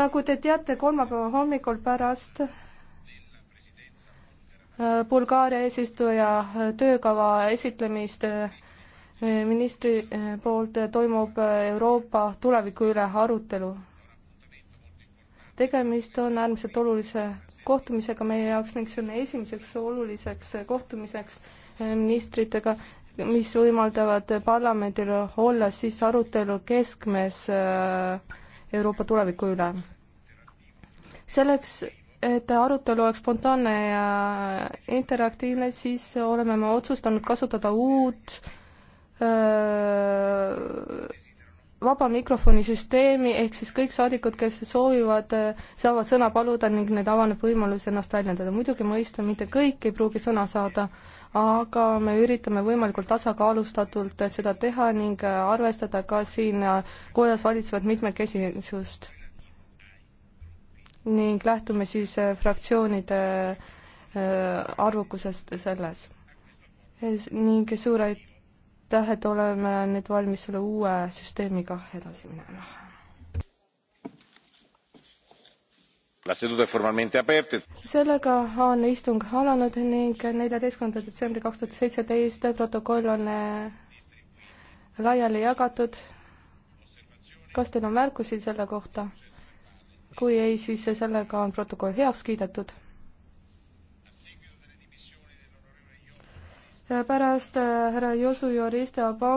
nagu te teate, kolmapäeva hommikul pärast äh, Bulgaaria eesistuja äh, töökava esitlemist äh, ministri poolt toimub Euroopa tuleviku üle arutelu. tegemist on äärmiselt olulise kohtumisega meie jaoks ning see on esimeseks oluliseks kohtumiseks ministritega, mis võimaldavad parlamendil olla siis arutelu keskmes äh, Euroopa tuleviku üle. selleks, et arutelu oleks spontaanne ja interaktiivne, siis oleme me otsustanud kasutada uut öö, vaba mikrofoni süsteemi, ehk siis kõik saadikud, kes soovivad, saavad sõna paluda ning neil avaneb võimalus ennast väljendada. muidugi mõistan, mitte kõik ei pruugi sõna saada, aga me üritame võimalikult tasakaalustatult seda teha ning arvestada ka siin kojas valitsevat mitmekesisust. ning lähtume siis äh, fraktsioonide äh, arvukusest selles. ning suur aitäh! aitäh, et oleme nüüd valmis selle uue süsteemiga edasi minema. sellega on istung alanud ning neljateistkümnenda detsembri kaks tuhat seitseteist protokoll on eh, laiali jagatud. kas teil on märkusi selle kohta? kui ei, siis sellega on protokoll heaks kiidetud pärast äh, härra Josu Joriste Abon